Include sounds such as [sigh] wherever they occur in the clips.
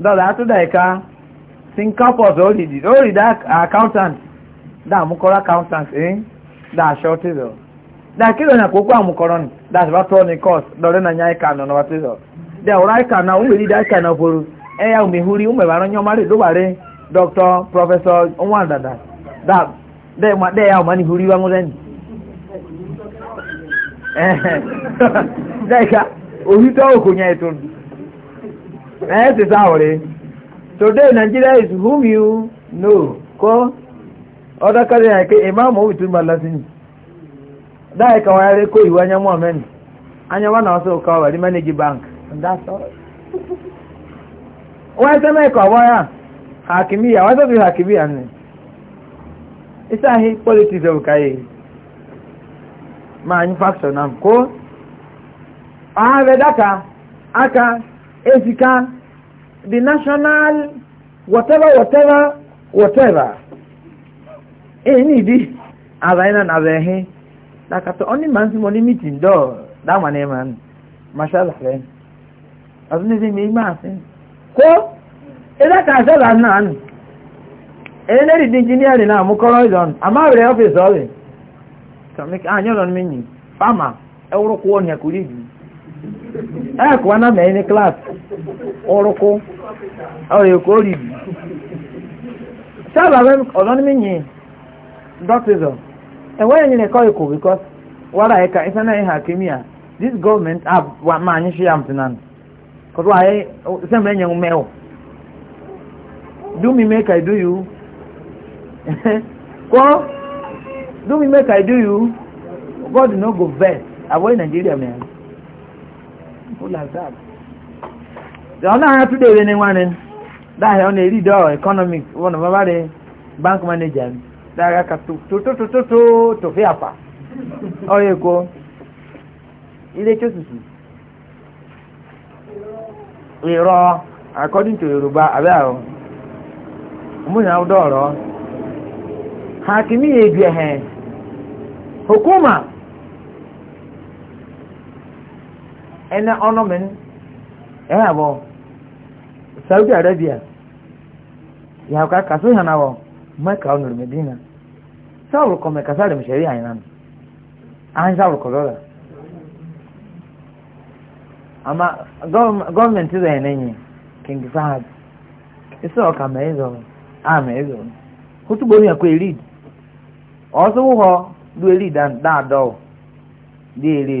dọ́là àtúndà ẹ̀ka singapore ó rìdì ó rìdì accountant dá àmúkọ́rọ́ accountant ẹ̀ dá aṣọ tìzọ̀ dá kílò ní àkókò àmúkọ́rọ́ ni dá àṣìbá tọ́ ni course lọ́rẹ́ náà nyá ẹ̀ka nọ̀nà wá tìzọ̀ dẹ̀ ọ̀rọ̀ ẹ̀ka náà ó ẹ̀ka náà ó doctor professor dada dá wá múlẹ̀ ni eh ti today nigeria is whom you know ko oda kare ya ke imam o bitu malasin e ka ko iwa nya mu anya wana so ka wari manage bank and that's all wa e sema ko waya hakimia wa sema hakimia ne politics of e kai manufacture nam ko ah vedaka aka Ethical, the national, whatever, whatever, whatever. Any di azaina na azahe. Lakato only man si money meeting do. That one eh, man. Mashallah len. Eh. Azu ni mi ma se. Eh. Ko ila e ka se la na an. Ele di engineer na mu koro e don. Ama we office all. Kamik anyo ah, don mi ni. Farmer. Euro ko on ya kulidi. ayakụwa na mee ni klaasị ụrụkụ ọrịa ka o ribi sábà ọ̀dọ́ ní míyìn dọ́kítọ̀ ẹ̀wọ́ yẹn nílẹ̀ kọ́ ikú because wàrà ẹ̀ka ẹ̀sẹ̀ náà kìmíà this government máa ń ṣe àmì sẹ́mi ẹ̀yẹ̀ ń mẹ́wọ̀ do me make I do you [laughs] do me make God no go vex àwọ̀ Nigeria mẹ́rin. ụlọazab ọ na-agha tụda ere na ọ na-eri dọọ ekọnọmik wọn mabarị bank maneja dahịa ka tototototo tofe apa ọrịa ekwo ilé chosusu ìrọ according to yoruba abẹ́ àrùn múnyà ọdọ hakimi ebi eh, eh. hukuma ene ọnọmin ehe abụọ saudi arabia ya ka kaso ha na abụọ maka ọnụrụ medina saul kọme kasa da mishari anyị nan anyị saul kọlọla ama gọọmenti zai nenye king fahad isa ọka ma ịzọ a ma ịzọ hutu gbori ya kwa erid ọsọ wụhọ du erid dan da adọ dị eri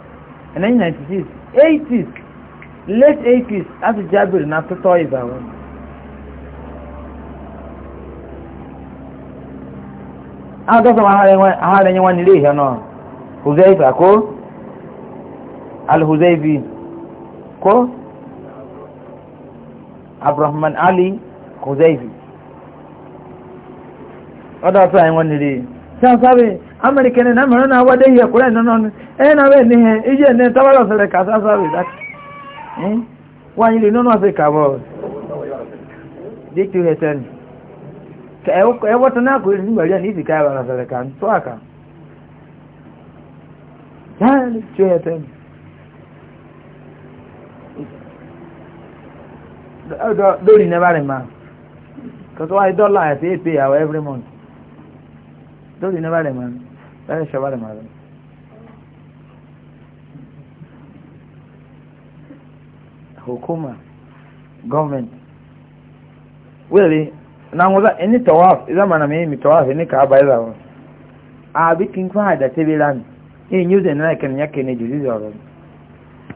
1996 80s late 80s asị jabir na tụtọ ịzawa agasa ahara enye nwanne ile ihe nọ huzaifi ko al-huzaifi ko abrahman ali huzaifi ọdọ atọ anyị nwanne ile sáfẹ́ amẹ́ríkẹ́ ní náà náà wádé yẹ kúrẹ́ nínú ní ẹ̀nà rẹ̀ ní ẹ̀ iṣẹ́ ní tábàlọ̀ sẹ̀rẹ̀ ká sáfẹ́ dákì wáyé lè nínú ọ̀sẹ̀ kàbọ̀ díkì rẹ̀ tẹ́nu ẹwọ́tọ náà kò rí nígbàrí ní ìsìnká ìbára sẹ̀rẹ̀ ká tó àkà lórí nẹ́bàrẹ̀ máa kọ́tọ́ wáyé dọ́là àti èpè àwọ̀ every month dole na bada ma bada shi bada ma hukuma government wele na ngoza eni tawaf iza mana me mi tawaf eni ka ba za won a bi kin kwa da tebilan e nyuze na ken yake ne juzi zoro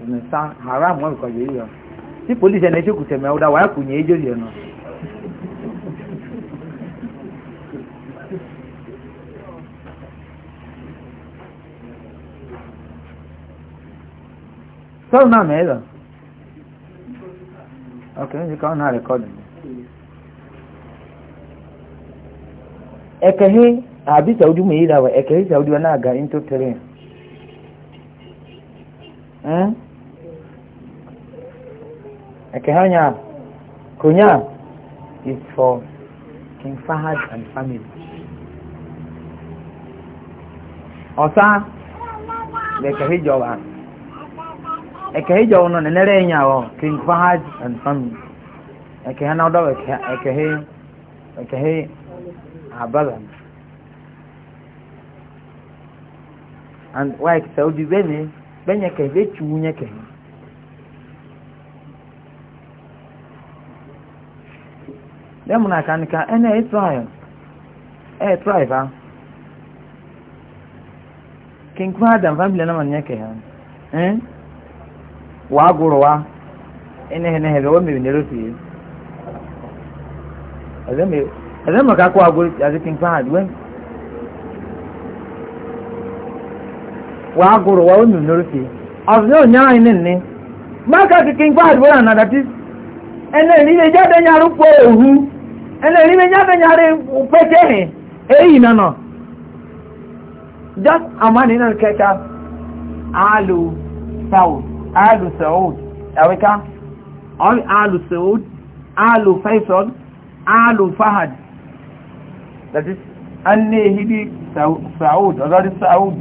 ni sa haram wa kwa juzi yo si police ene me uda wa kunye ejo yo no sọ́rọ̀ náà Okay, you ní ká náà rẹ̀kọ́dù ẹ̀kẹ̀hẹ́ àbí saudi mú yìí dáwọ̀ ẹ̀kẹ̀hẹ́ saudi wọn náà ga into terrain ẹ̀kẹ̀hẹ́ ọ̀nyà kònyà is for king fahad and family ọ̀sá lẹ̀kẹ̀hẹ́ jọba. ekehijo uno nenere enyawo King Fahad and family ekehe na odo ekehe ekehe abala eh? and why saudi benye ke and family na wa gụrụwa enehenehebe o mebe nerosi ẹzẹ mọ kakọ akwụ aziki nfa ha duwe wa agụrụ wa o mere mebe nerosi ọzọ onye anyị nne maka kiki nfa ha duwe na nadati ẹnna eri ne jáde nyara kpọ ohu ẹnna eri ne jáde nyara pẹtẹ hẹ eyi nanọ just amani na kẹta alu south. alu saud ẹ̀wẹ́ká all alu saud alu faisal alu fahad that is an ne hidi saud ọ̀dọ́dí saud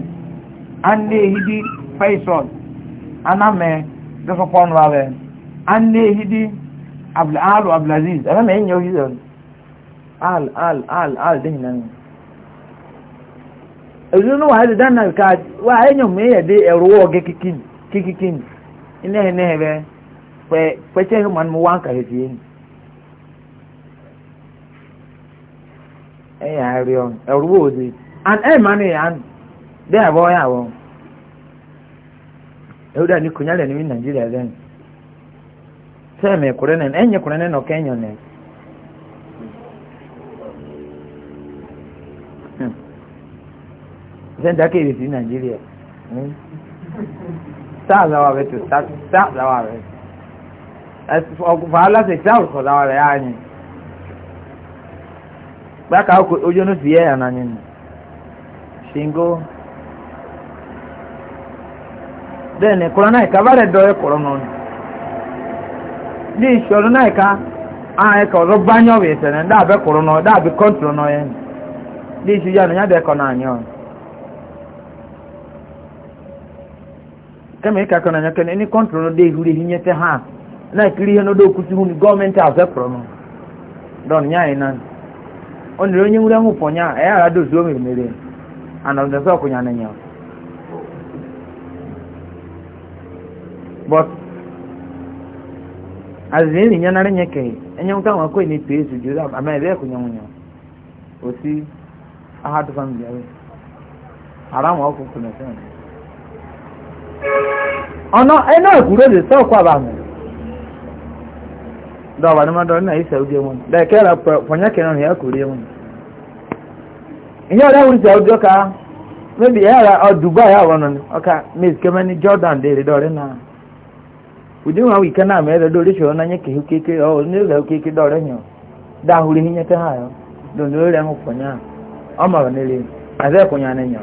an ne hidi faisal anamẹ́ dọ́sọ̀pọ̀ ọ̀nà rẹ̀ an ne hidi alu abdulaziz ẹ̀mẹ́mẹ́ yíyan yíyan yíyan al al al al din nan ezunu wa hadi dan na ka wa enyo me yede eruwo ge kikin kikikin inehe nehe be kwe kweche hu man mu wan ka hezi e ya rion e ozi an e man e ya ni kunya le nigeria den se me kure ne enye kure ne no kenyo ne hmm. sáà sáwà bẹ tó sáà sáwà bẹ fàálà sí sáà kọ̀ sáwà rẹ̀ yáà yín gbáka na ní ti yẹ ẹ̀ nà yín ṣingo bẹ́ẹ̀ ni kọ̀rọ̀ náà ìka bá rẹ̀ dọ̀ ẹ́ kọ̀rọ̀ náà ni ní ìṣòro náà ìka àwọn ẹ̀ka ọ̀rọ̀ bá yàn wẹ̀ sẹ̀rẹ̀ dáàbẹ̀ kọ̀rọ̀ náà dáàbẹ̀ kọ́ńtùrọ̀ ya yẹn ní ìṣúyà nìyàdẹ̀kọ̀ náà kama ị kakọ na anya kene ni kọntrol dey ehuru ehi nyeta ha na-ekiri ihe n'odo okwusi hu ni gọọmenti azepụrụ don e dọn nya anyị onye nwere nwụpọ nya a ya mere dozuo mere mere anọdụsọ na nya but azịrị enyi ya nara nye keghị enye nwoke nwa kwe na-etu ezu ama ebe ekwụnya nwụnya ọ̀nà ẹ̀nà ẹ̀kúrò lè sọ ọ̀kọ́ àbàmì dọ̀wà ní mọ́dọ̀ ní àyíṣẹ́ ojú ẹmú dẹ̀kẹ́rà pọ̀nyẹ́kẹ́rà ní ẹ̀kúrò ẹmú ìyá ọ̀rẹ́ wùsẹ̀ ojú ya mẹ́bí ẹ̀yàrá ọ̀dùbọ̀ ẹ̀yà wọn ni ọ̀ka miss kẹ́mẹ́ni jordan dèrè dọ̀rẹ́ náà ojú wọn wì kẹ́nà mẹ́rẹ̀ lórí dọ̀rẹ́ yàn dáhùrí yẹn kẹ́ ya ya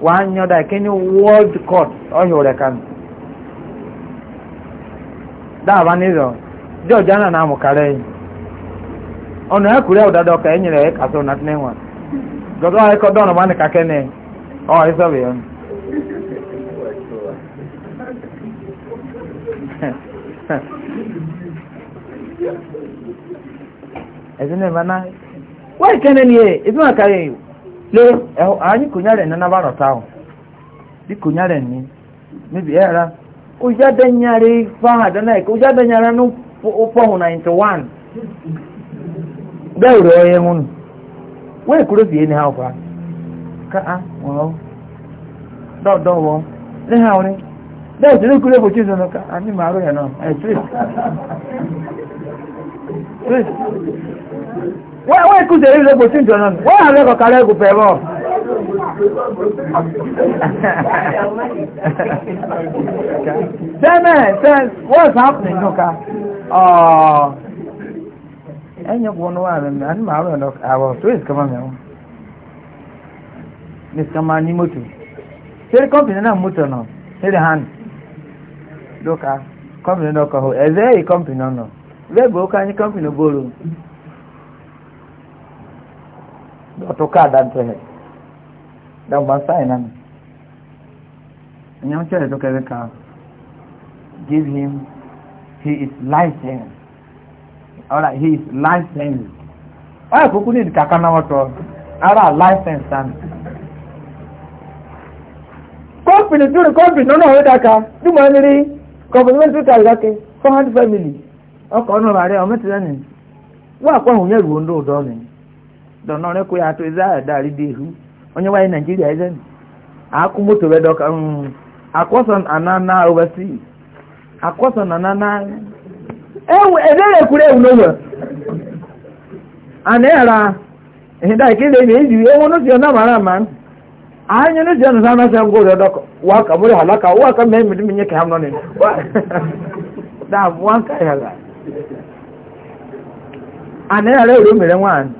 wàá yan dà kí ni world court ọ̀hìn rẹ̀ kan dáàbá nílò george anna náà mùkàrẹ́ yìí ọ̀nà ẹ̀kúrẹ́ ọ̀dàdọ̀ ọ̀kà ẹ̀yìn rẹ̀ ẹ̀ka sọ̀rọ̀ nàtí níwọ̀n gbọ́dọ̀ ẹ̀kọ́ dọ́ọ̀nà máa ní kakẹ́ ní ọ̀ ẹ̀ sọ̀rọ̀ yẹn. ẹ̀sìn náà ìmọ̀ náà wọ́n ìkẹ́ni ni ẹ̀ ìfúnwà kárẹ̀ yìí. le eh, anyị ah, kụnyere na nabara taụ dị kụnyere ni mebi era eh, ụja denyere faha dana ka ụja denyere na ụfọhụ 91 gauru onye nwụnụ wee kwuru bie ni ha ụfa ka a ah, nwụrụ dọdọwọ ne ha nwụrụ dee tụrụ kwuru ebuchi zụrụ ka anyị ma arụ ya nọ eh, wọ́n kúzẹ̀ ilé gbòsí ìjọ̀nà wọ́n hàn lẹ́kọ̀ọ́ kárẹ́ ẹ̀gù pẹ̀lọ́ tẹ́mẹ̀ tẹ́ what's happening kò wọ́n wà màá rẹ̀ àwọ̀ tó yẹ kama ní kama ní kọ́mpìnì náà hàn kọ́mpìnì náà kọ́ ẹ̀zẹ́ yìí kọ́mpìnì náà lẹ́gbẹ̀ẹ́ ó ká ní kọ́mpìnì ọtụka adantere dagbasa ina onye ọchọ eto kere ka give him his license alright ọ kúkú ní ìdíkàkà náà ara license tani kọ́ọ̀pìnì tó rí kọ́ọ̀pìnì náà náà dáka bí mo ń rí kọ́ọ̀pìnì wọ́n tó kàrí lọ́kẹ́ four hundred family ọkọ̀ ọ̀nà rẹ̀ ọmọ ti rẹ̀ dọnọ onye kwụ ya atụ eze ahụ darị dị ihu onye nwaanyị naijiria eze akụ moto wee dọka akwọsọ ana na overseas akwọsọ na ana na ewu ebe ya ekwuru ewu n'ụwa ana ịhara ịhịda ike ile ime iji ewu n'osi ọ na-amara ama Anya n'osi ọ na-asa anasị agwọ ụrịọ dọka wa ka bụrụ halaka wa ka mee mmiri mmiri ka ha nọ n'ime da ya nka A na ịhara ewu mere nwaanyị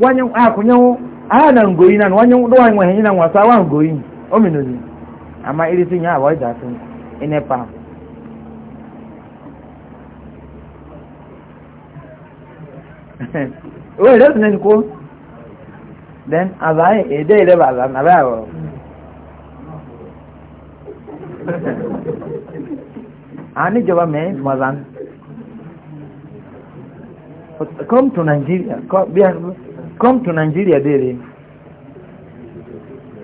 wanyan wanye akụnyenwu ah, ah, na ngoyi na wanye anyị na nwasa awa ngoyi o minozi ama irisi inepa anyị ede ba [laughs] ah, mazan come to Nigeria come to Nigeria dere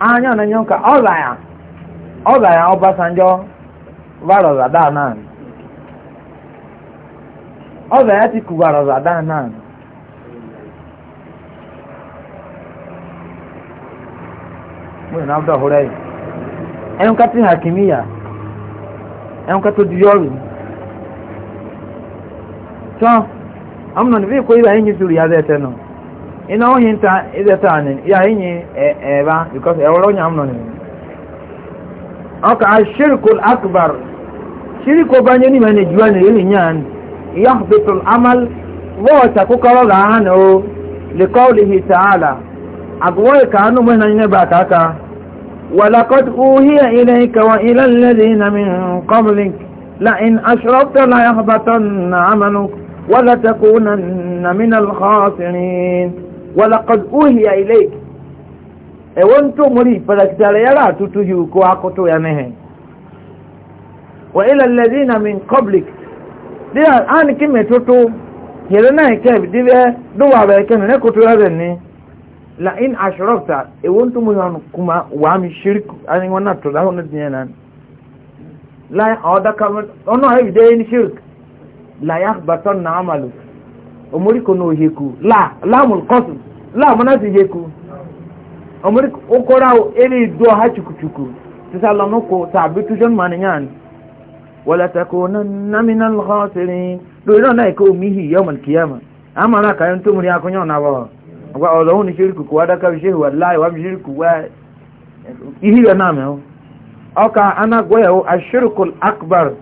anya na nyonka ọla ya ọla ya Ọbasanjọ varọza danan ọla ya Atiku varọza danan mo na abda horai ẹnu ká tí hakimiya ẹnu ká tó di yọrù tán amna ni bi ko ida yin zuri ya zete no ina o yin ta ida ta ni ya yin e e ba because e woro nya amna ni aka ashirkul akbar shirko banye ni mane juwa ne yin nyan yahbitul amal wa ta ku karo ga hano li ta'ala agwai ka anu mun nan ba ka ولقد أوهي إليك وإلى الذين من قبلك لئن أشركت ليحبطن عملك ولتكونن من الخاسرين ولقد أوهي إليك ewonto muri falakitare yara tutu yu ko akoto ya mehe wa ila alladhina min qablik dia an kime tutu helena ke dibe duwa ba ke ne kutu ya ni la in ashrafta ewonto muri an kuma wa mi shirku an wannan to da hono dinan la oda kam ono he de ni shirku la yahbatan na amalu omoriko na oheku la lamul qasr la manati heku omoriko okora o ele do ha chukuchuku tisala noko tabitu jon maninyan wala takunanna min al khasirin do ina na ko mihi yawm al qiyama amara kayan tumuri akunyo na ba wa olohun ni shirku ko adaka shehu wallahi wa shirku wa ihi na me o aka ana goyo ashirkul akbar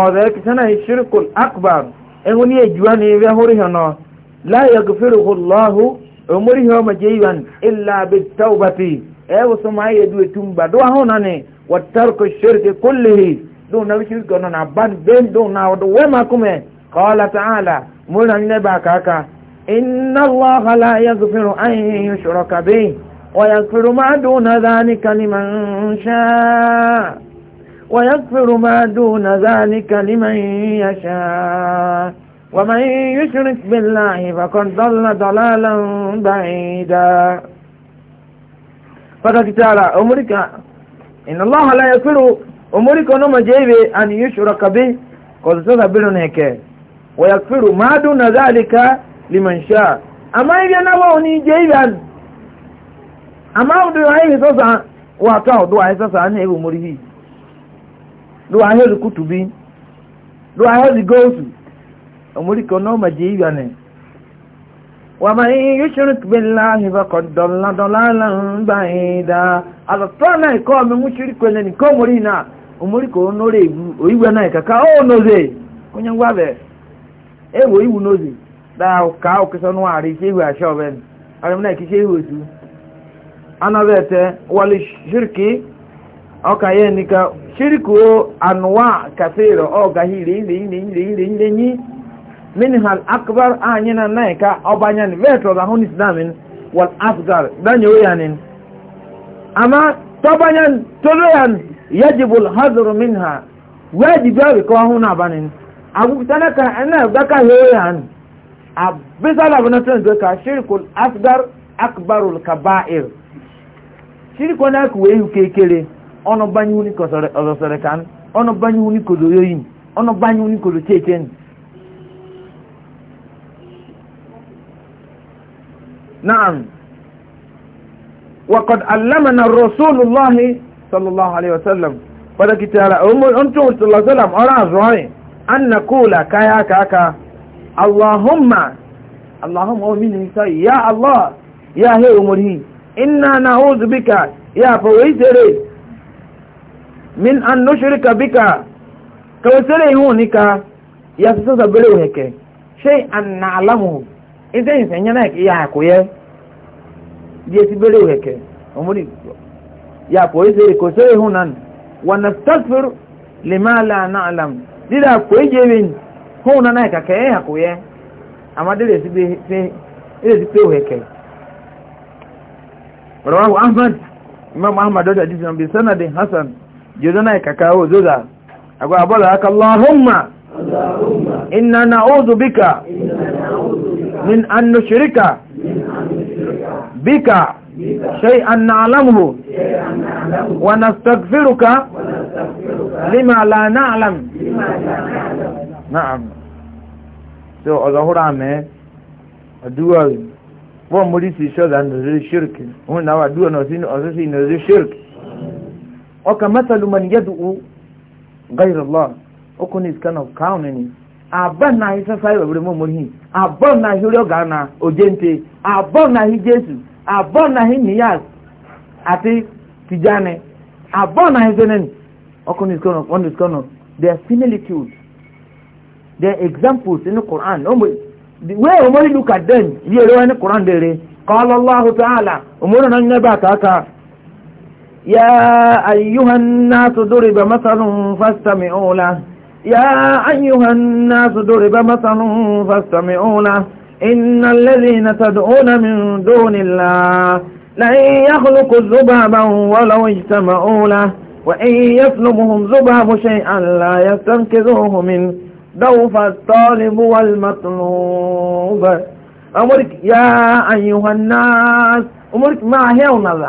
ọ̀rẹ́ kìtánà ìṣirikul akbar ẹ̀hún ní èjúwá ní ẹ̀rẹ́ hóríhàn náà láyé gùfẹ́rù hùlọ́hù òmúríhàn mọ̀jẹ́yàn ilá bí taubati ẹ̀wọ̀ sọ máa yẹ dúwẹ̀ tún bá dúwà hàn náà ni wàtàrkù ṣirikì kúlìhì dùn náà ṣirikì ọ̀nà náà bá bẹ́ẹ̀ dùn náà wọ́n wẹ́ máa kúmẹ̀ kọ́ọ́lá tààlà múlá ní ويغفر ما دون ذلك لمن يشاء ومن يشرك بالله فقد ضل ضلالا بعيدا فقد تعالى أمرك إن الله لا يغفر أمرك نما جيبي أن يشرك به قد تذبرون هيك ويغفر ما دون ذلك لمن شاء أما إذا نبوني جيبا أما أدعي سوسا وأتعو دعي سوسا أنه أمره do ahịa bi do ahịa gosu ọmụrịka ọnọma ji ibia ne ومن يشرك بالله فقد ضل ضلالا بعيدا azọtọ náà ikọ ọmọ mùsùlùkù ẹni nìkan mọrí náà òmùrìkọ onóore na náà kàkà ó nọzẹ onye ngwa bẹ ẹ e wò ìwù nọzẹ dáa ká òkèsọ o àrí ṣé ìwé àṣọ bẹ ni wali ọka ya nika shirku anwa kafir o gahiri ile ile ile ile ile nyi min hal akbar anyina naika obanyan vetro da hun islamin wal afgar danyo yanin ama tobanyan toloyan yajibu al hadru minha wajibu abi ko hun abanin abu tanaka ana daka yoyan abisala bana tun da ka shirku ono banyi wuni ko sore o sore kan ono banyi wuni ko do yoyin ono banyi wuni ko do chechen na'am wa qad allamana rasulullah sallallahu alaihi wasallam pada kitara umul antu sallallahu alaihi wasallam ara azwai an naqula kaya kaka allahumma allahumma wa oh, min ya allah ya he umuri inna na'udhu bika ya fawaitare min an nushrika bika kawsere hu nika ya so sabere weke shay an na'lamu ide nsenya na ya akoye die sibere weke omuri ya ko ise ko sere hu wa nastaghfir lima la na'lam dida ko jewin na na ka ke ya koye ama dide sibe se ile sibe weke rawahu ahmad imam ahmad dada جزنا يكاكاو زوزا أقول أبو لك اللهم إنا نعوذ بك من أن نشرك بك شيئا نعلمه ونستغفرك لما لا نعلم نعم so ọ̀zọ̀húra mẹ́ àdúwà wọ́n mú rí sí ṣọ́dá nìrí ṣírkì òun náà àdúwà náà sí ọ̀sọ́sí nìrí ṣírkì ọka masalu man yadu gairi allah okun is kind of counting ni abọ́ na ahí sẹ́fà ìwẹ̀wẹ̀rẹ̀ mọ́ mọ́hìn abọ́ na ahí orí ọ̀gá na òjéǹte abọ́ na ahí jésù abọ́ na ahí niyaz àti tìjáni abọ́ na ahí sẹ́nẹ́ni okun is kind of one is of their similitudes their examples in the quran the way omori look at them yíyẹ rẹ wọn quran dere kọ́ ọ́ lọ́wọ́ ahùtọ́ àlà òmùrùn náà يا أيها الناس ضرب مثل فاستمعوا له يا أيها الناس ضرب مثل فاستمعوا له إن الذين تدعون من دون الله لن يخلقوا ذبابا ولو اجتمعوا له وإن يسلبهم ذباب شيئا لا يستنكذوه من دوف الطالب والمطلوب أمرك يا أيها الناس أمرك ما هي ونظر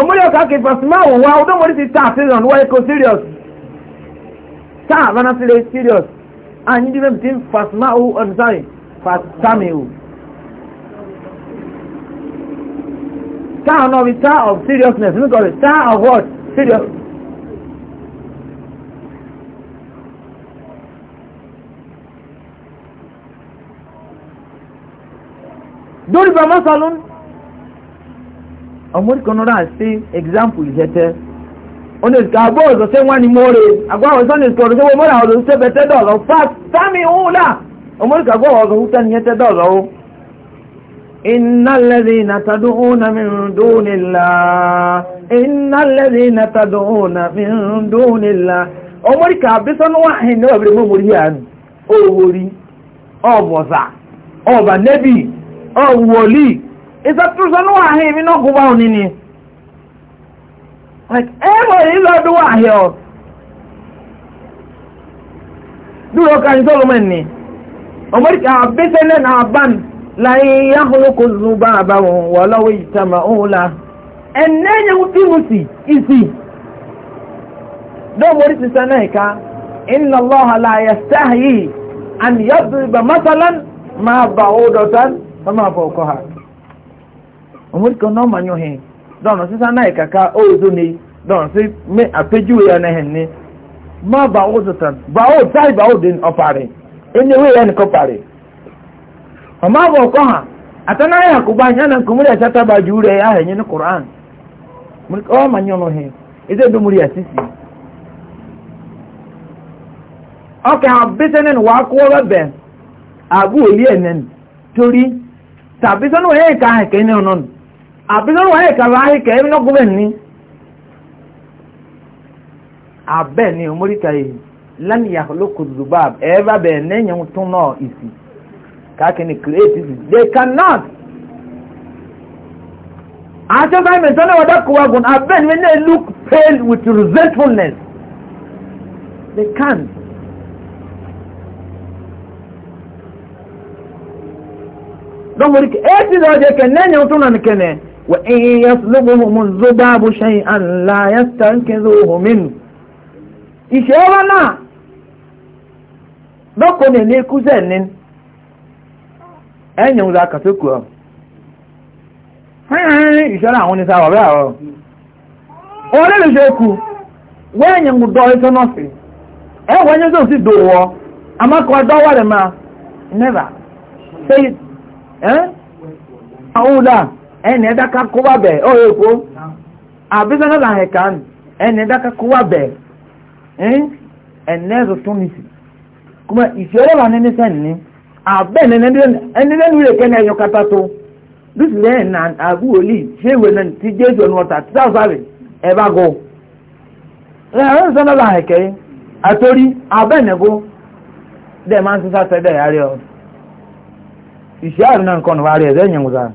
omori ọka ke fasima wò wá ọdún mori ti ta serious wọ́n ẹ̀kọ́ serious ta abana sire serious anyi di mẹ́mìtì fasima wò ọdún sáré fasami wò ta ọ̀nà bi ta of seriousness mi kọ̀ bi ta of what serious. dórí bàmá salon ọmọdékan náà sí example ìṣẹ́tẹ́ oníṣkà àbọ̀ ọ̀sọ̀ sí wọ́n ni mọ́rẹ̀ àgbáwọ̀ sọ́nà ìṣkọ̀ ọ̀rọ̀ sọ́wọ́ mọ́ra ọ̀rọ̀ sí ẹbẹ̀tẹ́ dọ̀rọ̀ fat sami hula ọmọdékan àgbọ̀ ọ̀rọ̀ húta ni ẹtẹ́ dọ̀rọ̀ o iná lẹ́rí na tàdó òun mi ń dó nílá iná lẹ́rí na tàdó òun mi ń dó nílá ọmọdékan àbísọ́nù wáhìn ní ọ̀bẹ̀rẹ̀ mọ́ mórí Ịsatụrụsanụ ụwa ahịa emi na ọgụgba ọ nịnị. E nwere ịlọ ọdụ ụwa ahịa ọrụ. Duru ọka njọọ ụmụnne. O nwere ka betelen aban na ihe ya ahụ na-akụziri ụba abam wala o weijita ma ọ hụla. Ene ya nwoke iwusi isi. Dọọm ọlịsịsane ka ị na-alọghọ laa yasị ahụ yi and ya bụ masaladị ma ba ụdọchịanwụkwa ụkọ ha. òun kan náà mà yàn hìn dọ̀nà sísá náà kàkà ó èso ni dọ̀nà sí mi àpéjúwe yẹn náà hìn ni má bà ó tuntun bà ó táì bà ó di ọ̀pàrẹ̀ ẹni ewé yẹn nìkan pàrẹ̀ ọ̀má bọ̀ ọkọ hàn àtànáyà àkùbá yẹn náà kò múlẹ̀ ṣáta bá ju rẹ̀ ahẹ̀yìn ní koran ọ̀ mà yàn hìn ẹsẹ̀ ìdúmúrí àṣìṣì ọkà àbísẹ́nìn wà kó rẹ̀bẹ̀ àbúrò yẹn nẹ́ni torí tàbísẹ́nù ẹ̀ka ẹ̀kẹ́ ní àbílọ́rọ̀ wáyé kàrà áhìkà ẹ̀mí náà gómẹ̀ ní abẹ́ ni omorika yìí lánìyà lóko zubab ẹ̀ẹ́bà bẹ̀ẹ̀ nẹ́yìn tún náà ìsì káàkiri create they cannot àti ọ̀gáyìmẹ̀ tó náà wọ́n dákọ̀ wagun abẹ́ ni wọ́n look pale with resentfulness they can't. dɔnku ɛti dɔ jɛ kɛ nɛɲɛ tún na ni kɛnɛ. وإن يطلبهم الذباب شيئا لا يستنكذوه منه iṣẹ́ wa náà lọ́kọ̀ ní ilé kúzẹ̀ ní ẹ̀yìn òun làkàtókù ọ̀ hẹ́rẹ́rẹ́ ìṣẹ́ra àwọn oníṣà wà bẹ́ẹ̀ ọ̀ wọ́n lè lè ṣe kú wẹ́ẹ̀yìn òun dọ́ iṣẹ́ náà sí ẹ̀wọ̀n ẹ̀yìn tó sì dòwọ́ amákọ̀ọ́ dọ́wọ́ rẹ̀ máa never say it ẹ̀ àwọn òun dáa ẹni ẹ̀dá ká kó wà bẹ̀ ọ̀ èkó àbísánná là hẹ̀ kàn ẹni ẹ̀dá ká kó wà bẹ̀ ẹ̀nẹ́ rotúnisì kúmọ̀ ìfìọ́rọ̀ wà nínú sẹ́ni ni àbẹ́ ẹni lẹ́nu rẹ̀ kẹ́ni ẹ̀yọ kata tó lùsìlẹ̀ ẹ̀nà àbúwòlì ṣé ìwé náà ti jésù ọ̀nà ọ̀tà tí táwọn sáré ẹ̀ bá gọ. ẹ̀rọ sọ́nà là hẹ̀ kẹ́ àtórí àbẹ́ ẹ̀nẹ́gó dẹ̀ máa ń sísá sẹ́dẹ̀ yàrá ìṣẹ́ àrùn náà nǹkan wà rẹ̀ ẹ̀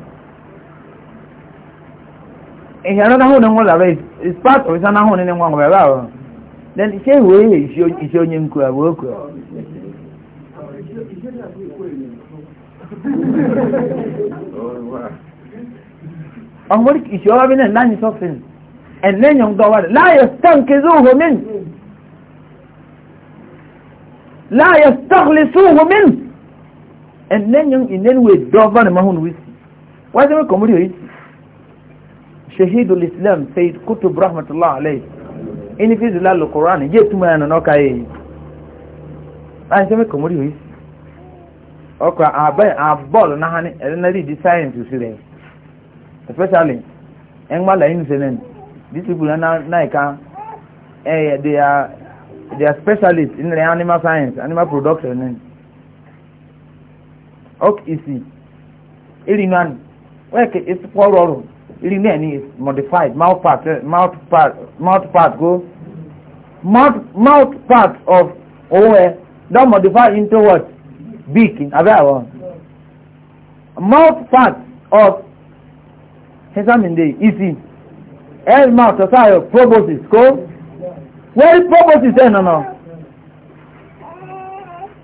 ìhẹ̀rọ náà ní wọ́n làbẹ́ is part of ìsáná hùn ní wọ́n bẹ̀rẹ̀ àwọn then ṣé ìwé iṣẹ́ onye nkú àwọn okù ẹ̀ ọmọdé ìṣẹ́ ọwọ́ bí náà láyé sọ́fìn ẹ̀lẹ́yìn ọgbọ́wà láyé stọ́nkìzúhù min láyé stọ́kìlìsúhù min ẹ̀lẹ́yìn ìnẹ́nuwé dọ́ọ̀bá ni mahùn wíṣì wájú mẹ́kọ̀ọ́mọdé yìí shahidul islam sayyid kutub rahmatullah alayhi ini fi zilalu qur'an je tuma na no kai an se me ko muri yi oko abai abol na hani e na read science usire especially en mala in senen these people na na ka eh they are they are specialists in the animal science animal production ok isi iri nan weke isi kwọrọ ọrụ iri náà ni is modified mouth part eh, mouth part mouth part go mouth mouth part of òun ẹ eh, don modify into what beak abẹ́ àwọn mouth part of hesaminde isi head mouth ọ̀sáyọ̀ proboscis kó wẹ́rí proboscis ẹ̀ nànà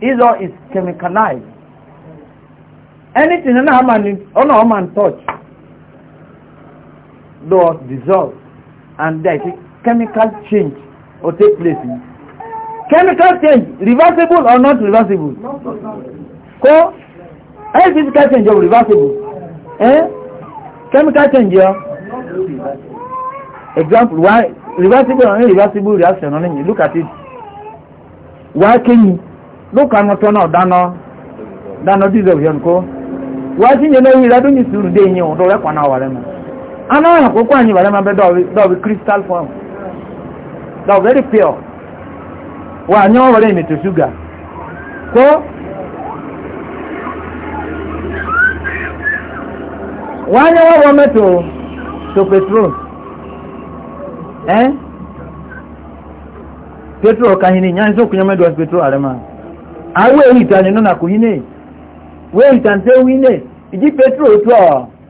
is all is chemicalized anything náà ọ̀nà ọ̀man touch doors dissolve and there is chemical change or take place in chemical change reversible or not reversible ko any physical change or reversible eh chemical change yeah example why reversible or irreversible reaction on you look at it why can you look at what now dano dano diesel yon ko why can you know you don't need to do dey yin o to re kwa re mo Ana anaghị akwụkwọ anyị bara ma dọbi kristal fọm dọbi very pure wa anyị ọ were emeto shuga ko wa anyị ọ were meto to petrol eh petrol ka hini nyanzo kunyamedo petrol arema awe itani nona kuhine we itante wine iji petrol to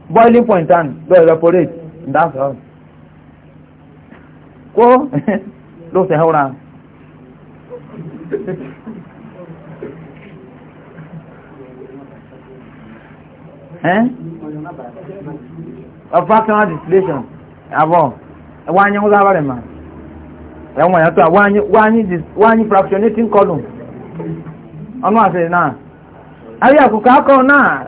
boiling point and don evaporate that's all kó [laughs] ló fẹ́ hóra fractional distillation abọ́ ẹwà ń sábà mà ẹ̀wọ̀n fractionating column náà ayé akọ náà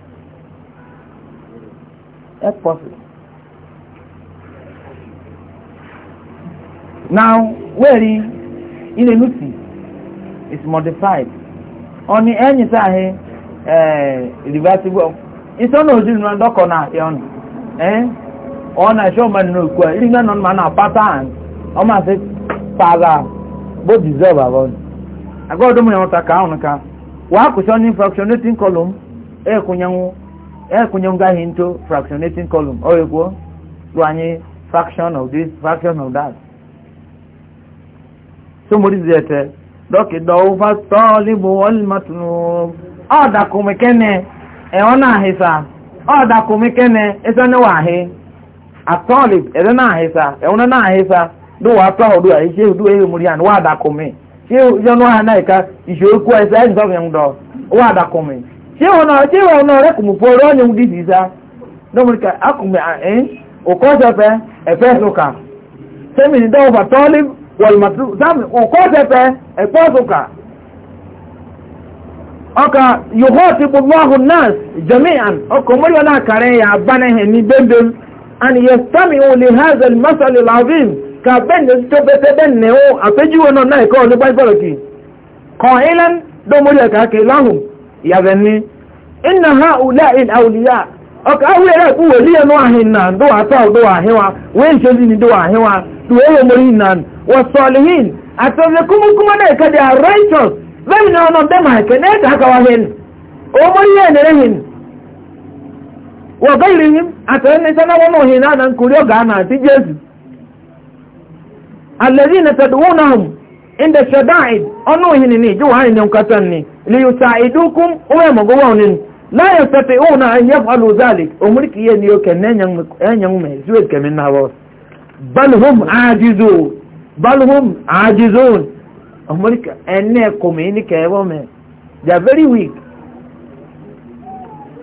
That's possible. Now, where in a nuti is modified. On the end, it's a reversible. It's Eh? On a showman, no, even on man, a pattern. On my father, both deserve our own. I got them on a car. Wa akwụsị onye infraction, column, e ekunyenga him into fractionating column ọ ekwuo so anyị fraction of this fraction of that ete dọkịta ụfa tọọlịbụ ọlịmatụnụ ọdakumikene ẹ̀wọ́n e náà hìsà ọdakumikene ẹsẹ̀ e ní wà e ahịsa atọọlịb ẹ̀dẹ̀ náà hìsà ẹ̀wọ́n náà hìsà cewa na cewa na rẹ kùmù fún ọrọ ọnyẹ wúdi bìíza dọmọdéka akùmù ẹn òkọ́sẹ̀fẹ́ ẹ̀fẹ́ sọ̀kà sẹ́mìnì dọ́wọ́fà tọ́lí wọ̀lùmọ̀tò sámi òkọ́sẹ̀fẹ́ ẹ̀fẹ́ sọ̀kà ọkà yòókù ti gbogbo ahùn nurse jami'an ọkọ̀ mọ́rí wọn àkàrẹ́ yà abánahẹ̀ ní and yẹ sami òun lè hazel masali ka inna haula'il awliya ọkà in rẹ̀ kú wòlí ẹnu àhìn náà dọ́wà tọ́ dọ́wà àhíwá wọ́n ṣe lè ní dọ́wà àhíwá dọ́wà wọ́n mọ̀rí náà wọ́n sọ̀lìhìn àtọ̀lẹ̀ kúmúkúmọ́ náà kẹ́ dẹ̀ righteous very now not them o mọ̀rí ẹ̀ nẹ̀rẹ̀ hin wọ́n gọ́ ìrì hin na ti na inda shada'id ni la yastati'una oh, an yaf'alu dhalik umriki ye niyo ken nenyan nenyan eh, me zuwe kemin na wa bal hum ajizun bal hum ajizun umriki enne komini ke me they are very weak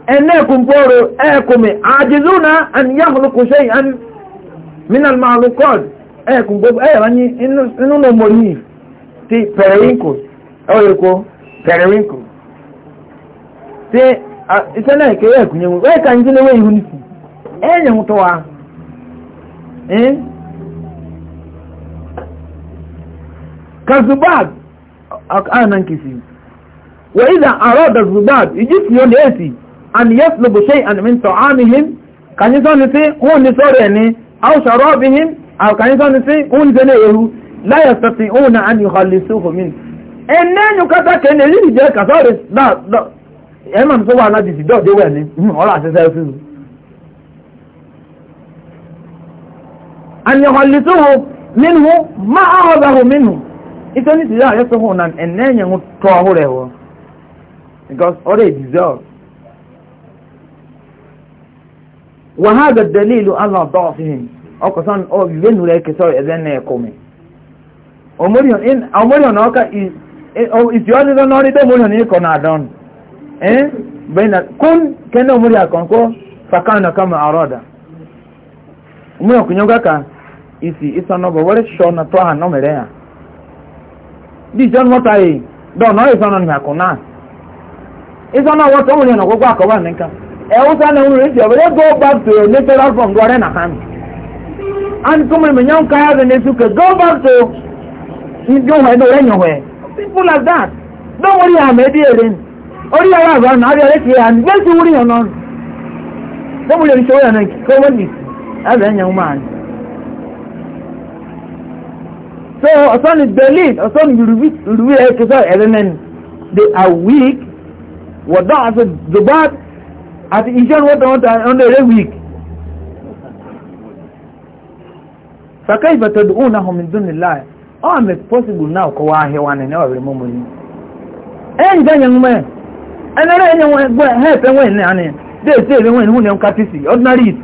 enne kumporo e eh, komi ajizuna an yakhluqu shay'an min al ma'luqat e eh, kumbo e wani inu inu no mori ti periwinkle o yeko periwinkle ti ise e? na ke ya kunye mu wai kan jine wai hun si eh ne mutuwa eh kazubab akanan kisi wa idha arada zubab ijisi yo lesi an yaslubu shay'an min ta'amihim kan n'isi sani sai hun ni sore ne aw sharabihim aw kan yi sani sai hun na ehu hụ yastati'una an yukhallisuhu min enne na keneli je kasore da ẹ máa tó wà náà ti dìdọ́ dé ni ọ̀rọ̀ àṣẹṣẹ́ fún mi. àyàn tó hù nínú má ọ̀rọ̀ hù nínú ìtọ́ ní ìdílé àyẹ́ tó náà ẹ̀nẹ́ ẹ̀yẹ̀ ń tọ́ ọ̀hún rẹ̀ because ọ̀rọ̀ ìdìzọ́. وهذا الدليل على ضعفهم أو كسان أو بينه لا كسر إذن يقومي أمريون إن أمريون أو كا أو eh baina kun kana umuri akonko fakana kama arada umuri kunyoga ka isi isano bo wale shona to ha no merea di jon mota yi do no isano ni akona isano wo to umuri no gogo akoba nka e usa na umuri si obere go back to natural form go na ham and come me nyam kaya de nesuke go back to ni jo ha no renyo he people like that don't worry i'm here orí ara àbá nà ábí ọ̀rẹ́ ti yà ní gbèsè wúrí yàn náà lọ́mú lè ṣe wọ́yàn náà kí wọ́n ní ábí ẹ̀yàn ń máa ní. so ọ̀sán ni berlin ọ̀sán ni rúbí ẹ̀ kí sọ ẹ̀rẹ́ náà ni they are weak wọ̀dọ́ àti dubat àti iṣẹ́ ni wọ́n tọ́ ọ́n lè weak. فكيف تدعونه من دون الله oh it's possible now ko wa hewa ne na wa remo mo ni en ẹnẹ́rẹ́ ẹni wọn gbọ́ ẹ̀hẹ́ ẹ̀fẹ́ wọn ẹ̀nẹ́ àná déètì èrè wọn ìhun ẹ̀hún kátìsì ordinary it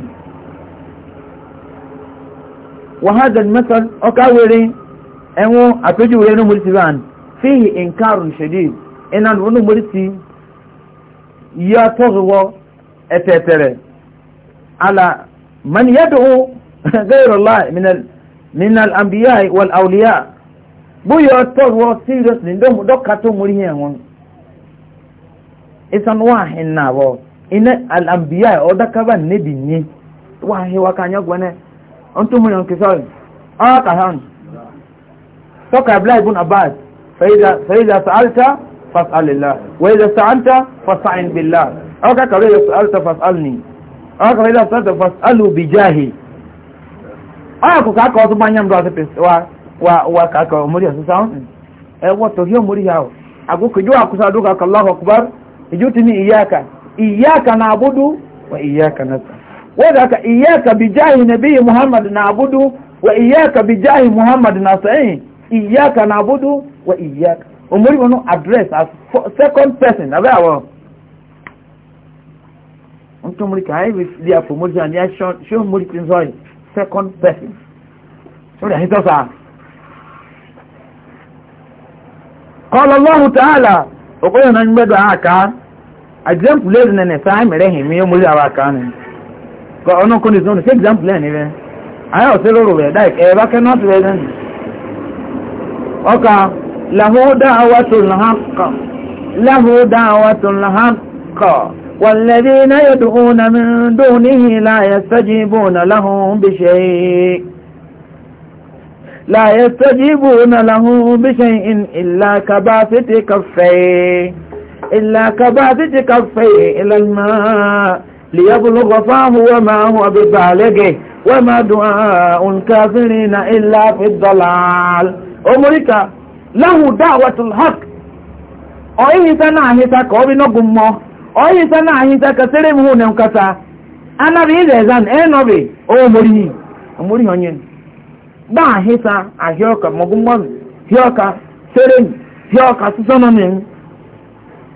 wàhádàn mẹ́sàn ọkàwéré ẹ̀wọ̀n àpéjúwèrè ní mọ́lì tìrán fíhì ìǹkarùn ṣèdí iná ní mọ́lì tì yíyá tọ́rọwọ́ ẹ̀tẹ̀ẹ̀tẹ̀rẹ̀ àlà mani yẹ́dùn gẹ́rọ̀lá minal ambiya wal auliya bóyá tọ́rọwọ́ serious ní dọ́kàtó mọ́lì yẹn wọn isan wahin na bo ina al'ambiya o da ka ban ne binye wahi wa kanya gwane on to mun ke sai a ka han to ka bla ibn abbas fa idza fa idza sa'alta fas'alillah wa idza sa'alta fas'in billah aw ka ka idza sa'alta fas'alni aw ka idza sa'alta fas'alu bi jahi aw ko ka ko to banyam do wa wa wa ka ka muri asu sound e eh, wo to hiyo muri yao agu kujua kusaduka Allahu akbar ijuti ni iyaka iyaka naabudu wa iyaka nasta'in wadaka iyaka bijahi nabii Muhammad naabudu wa iyaka bijahi Muhammad nasta'in iyaka naabudu wa iyaka omori wono address as second person abe awo nto muri kai with dia for muri and ya show muri kinzoi second person so da hito sa قال الله تعالى وقلنا نمدعك example lezi nene sa ai mere himi yo muri awaka ni ko ono ko ni zo se example ni eh, be ai o se ro be dai e ba ke not be ni oka lahu da'watul haqq lahu da'watul haqq والذين يدعون من دونه لا يستجيبون لهم بشيء لا يستجيبون له بشيء إلا كباسط كفيه إلا كباسط كفيه إلى الماء ليبلغ فاه وما هو ببالغه وما دعاء الكافرين إلا في الضلال أمريكا له دعوة الحق أي سنة هيتك أبي نقمه أي سنة هيتك سلم هون يمكتا أنا بإذا زان أي نبي أمري أمري هنين دع هيتا أهيوكا مقمه هيوكا سلم هيوكا سسنمين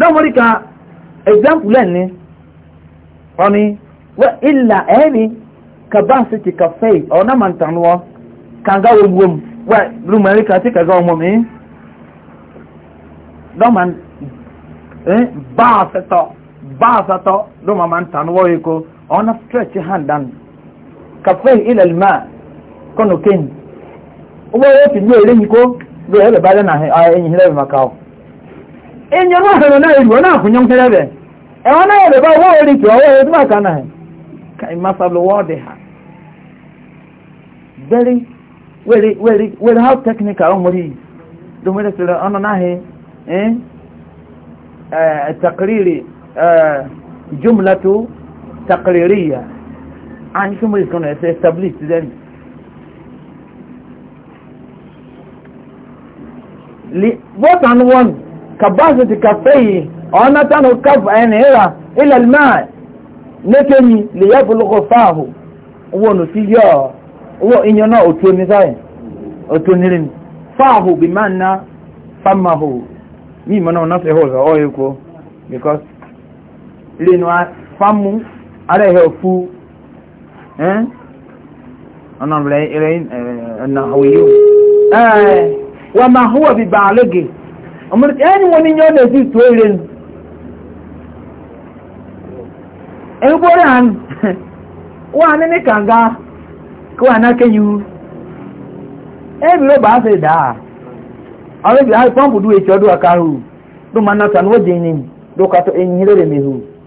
dọ́mọ̀rí eh? ka example ẹ̀ ni wọ́n ni wọ́n ilà ẹ̀ẹ́ni capacity cafe ọ̀nà màntànúwọ́ kànga olúwom wọ́n lùmọ̀rí ka tí kàga ọmọ mi dọ́mọ̀ bá àfẹ́tọ̀ bá àfẹ́tọ̀ dọ́mọ̀ màntànúwọ́ yìí kó ọ̀nà stretch hand down cafe ilẹ̀ lùmọ̀ kọ́nù kéyìn ó bá yẹ fi ní èrè yìí kó bẹ́ẹ̀ ẹ̀ bá dẹ́ ẹ̀yìn hílẹ̀ bẹ̀ ọ̀. ìyẹn náà sọ̀rọ̀ na ìlú na fún yọ́n tẹ́lẹ̀ bẹ̀ ẹ̀wọ́n náà yẹ̀ bá owó orí kì ọwọ́ orí túmọ̀ kan náà ka ìmásàlù ha very very very very how technical ọmọ yìí domine sọ̀rọ̀ ọ̀nà náà hẹ ẹ̀ takriri ya eh, takririya and somebody is gonna establish then both and one كباسة كفيه ونتنه كف عينيرا إلى الماء نكني ليبلغ فاه ونسيجا وإننا أتوني ساي أتوني فاه بمعنى فمه mi mana wọn nafe hɔl ɔɔ yi ko because lenu famu ara yɛ fu ɛn ɔnà wòle ɛrɛ ɛnà awoyewo ɛɛ wàmà huwa bi baalege. amma da wani yau da su tuwa irin ɗan gore han [laughs] wa ne kanga na kan yi ẹbí ló bá ṣe dáa a ibi àwọn pọ́ǹpù dúró ètò ọdún ọ̀ka hù ló máa náà tàn jini ní lókàtọ̀ ẹ̀yìn lórí mi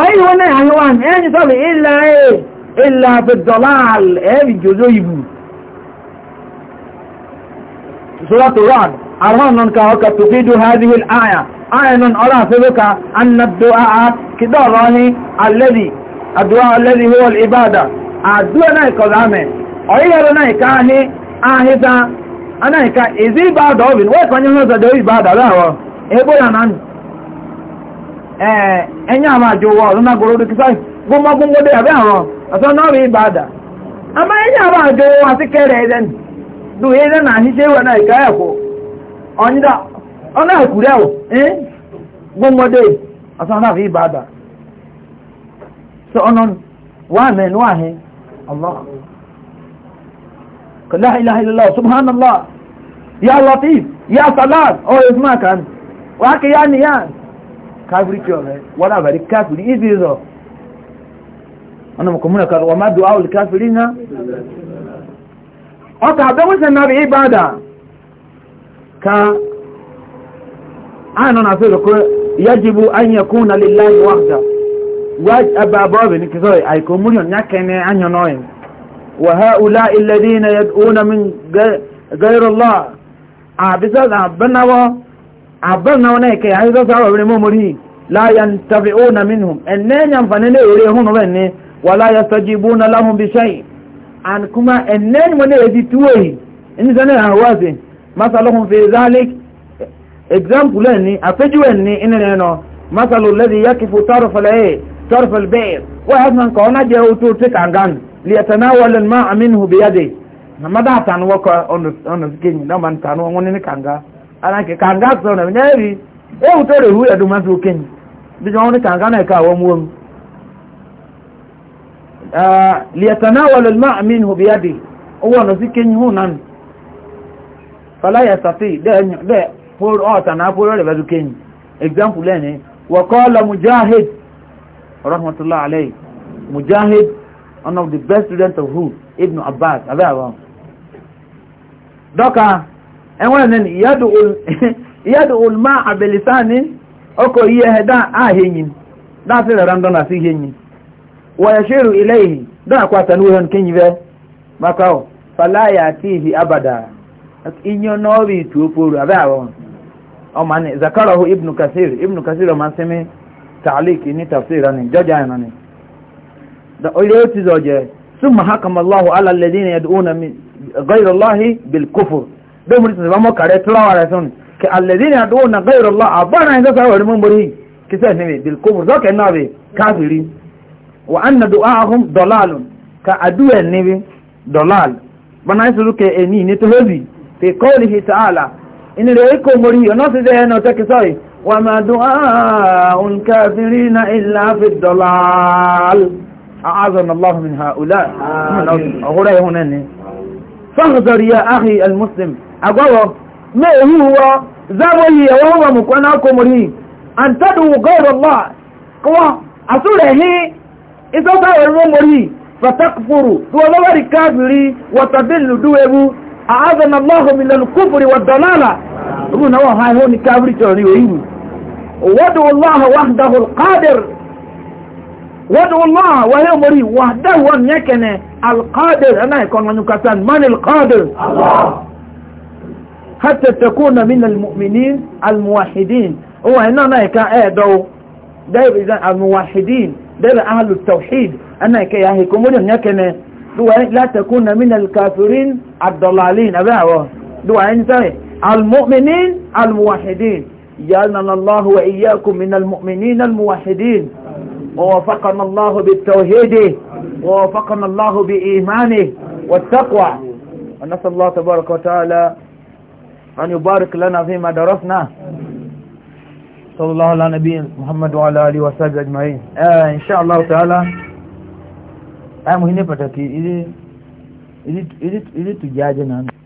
ọ̀yí wọn náà àyọ wà ní ẹni sọ́lù ilẹ̀ ilẹ̀ eh, fẹ̀dọ̀láàl ẹ̀rì jòzó ìbù sọ́lọ́tò rọ́d àwọn ọ̀nà ka ọkà tó fi dùn hàbí hìl àyà àyà nàn ọ̀rọ̀ àfẹ́lúkà annabdo àá kìdọ̀rọ̀ ní alẹ́dì àdúrà alẹ́dì hìwọl ìbàdà àdúrà náà ìkọ̀lá mẹ́ Eh, ẹ̀yìn àmà àjò wọ ọ̀rún náà gòrò dókítà gbọmọgbọmọdé àbẹ́ àrọ̀ ọ̀sán náà rí ìbàdà àmà ẹ̀yìn àmà àjò àti kẹrẹ ẹ̀dẹ́n dù ẹ̀dẹ́ náà ṣíṣe ìkà ẹ̀kọ́ ọ̀nà ẹ̀kúrẹ́ ọ̀ náà rí sọ ọ̀nà wà kafiri kyome wala bali kafiri izizo ana mukomuna ka wa madu au kafirina aka da wasa na bi ibada ka ana na fero ko yajibu an yakuna lillahi wahda wajib babu ni kizoi ay komunion nyakene abban na wani kai ai zasu hawa wurin mamuri la yantabi'una minhum enne nyam fanene ere hunu benne wala yastajibuna lahum bi shay an kuma enne mun yaji tuwe in sana hawaze masalahum fi zalik example ni afejuwe ni inene no masalu alladhi yakifu tarfa al-ay tarfa al-bayr wa hadman kauna je utu tikangan liyatanawala al-ma'a minhu bi yadihi na madatan wako onu onu kinyi na man kanu ngoni ni kanga anake kanga kusona mineri e utore huya dumasi ukenyi bijaoni kanga na ka wa muwon ah liyatanawala alma' minhu bi yadi uwa no sikenyi hunan fala yastati de de por ota na por le bazukenyi example lene wa qala mujahid rahmatullah alayhi mujahid one of the best students of who ibn abbas abawa doka enwere na yadu ulma [laughs] abilisani oko yi ehe da ahenyin da si rara ndo na si henyin wa yashiru ilayhi da akwata nuhe nke nyibe maka o fala ya abada zakarahu ibn ibn don muri su zama kare turawa da sun ke alladina ya duwa na gairu Allah a bana yanzu sai wani mummuri ki sai ne bil kufur zaka yana be kafiri wa anna du'ahum dalalun ka aduwa ne bi dalal bana yanzu ke eni ne to hobi fi qawlihi ta'ala in re ko فاغذر يا أخي المسلم أقوى ما هو زابه وهو مكوناكم لي أن تدعو غير الله قوى أسوله إذا تدعو مري فتكفر وذور كافري وتدل دوه أعاذنا الله من الكفر والضلالة أبونا وهاي هون كافري تعني وإيه وادعو الله وحده القادر وادعو الله وهي مري وحده ونكنه القادر أنا يكون من كسان من القادر الله حتى تكون من المؤمنين الموحدين هو هنا أنا يكا أدو دايب إذا الموحدين دايب أهل التوحيد أنا يكا يهيكم ولم يكن لا تكون من الكافرين الضلالين دو عين انتهي المؤمنين الموحدين جعلنا الله وإياكم من المؤمنين الموحدين ووفقنا الله بالتوحيد ووفقنا الله بإيمانه والتقوى ونسأل الله تبارك وتعالى أن يبارك لنا فيما درسنا صلى الله على نبينا محمد وعلى آله وصحبه أجمعين آه إن شاء الله تعالى آه مهنة فتاكي إذي إذي إذي تجاجنا